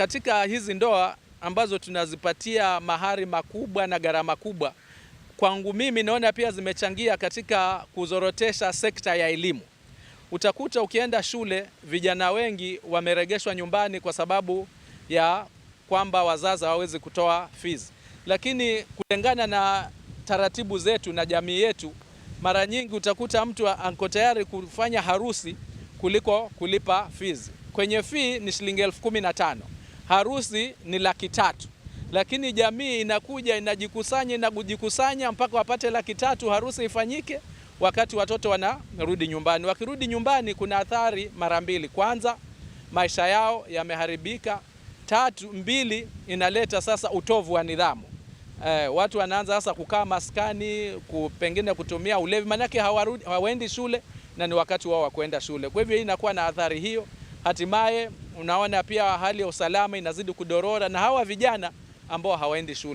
katika hizi ndoa ambazo tunazipatia mahari makubwa na gharama kubwa, kwangu mimi naona pia zimechangia katika kuzorotesha sekta ya elimu. Utakuta ukienda shule, vijana wengi wameregeshwa nyumbani kwa sababu ya kwamba wazazi hawawezi kutoa fees, lakini kulingana na taratibu zetu na jamii yetu, mara nyingi utakuta mtu anko tayari kufanya harusi kuliko kulipa fees. Kwenye fee ni shilingi elfu kumi na tano harusi ni laki tatu, lakini jamii inakuja inajikusanya na kujikusanya mpaka wapate laki tatu harusi ifanyike, wakati watoto wanarudi nyumbani. Wakirudi nyumbani, kuna athari mara mbili. Kwanza, maisha yao yameharibika. Tatu, mbili, inaleta sasa utovu wa nidhamu. Eh, watu wanaanza sasa kukaa maskani, pengine kutumia ulevi, maanake hawaendi shule na ni wakati wao wa kwenda shule. Kwa hivyo hii inakuwa na athari hiyo hatimaye unaona pia hali ya usalama inazidi kudorora na hawa vijana ambao hawaendi shule.